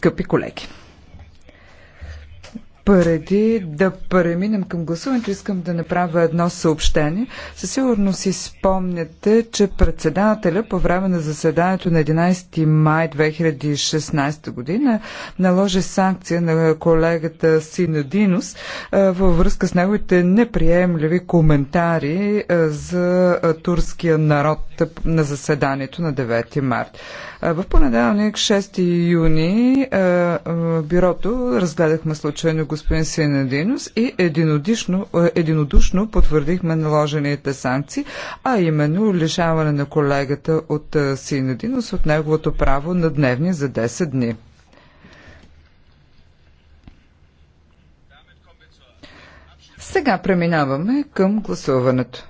скъпи колеги. Преди да преминем към гласуването, искам да направя едно съобщение. Със сигурност си спомняте, че председателя по време на заседанието на 11 май 2016 година наложи санкция на колегата Синадинос е, във връзка с неговите неприемливи коментари е, за е, турския народ на заседанието на 9 март. В понеделник, 6 юни, бюрото разгледахме случайно господин Синадинус и единодушно, е, единодушно потвърдихме наложените санкции, а именно лишаване на колегата от е, Синадинус от неговото право на дневни за 10 дни. Сега преминаваме към гласуването.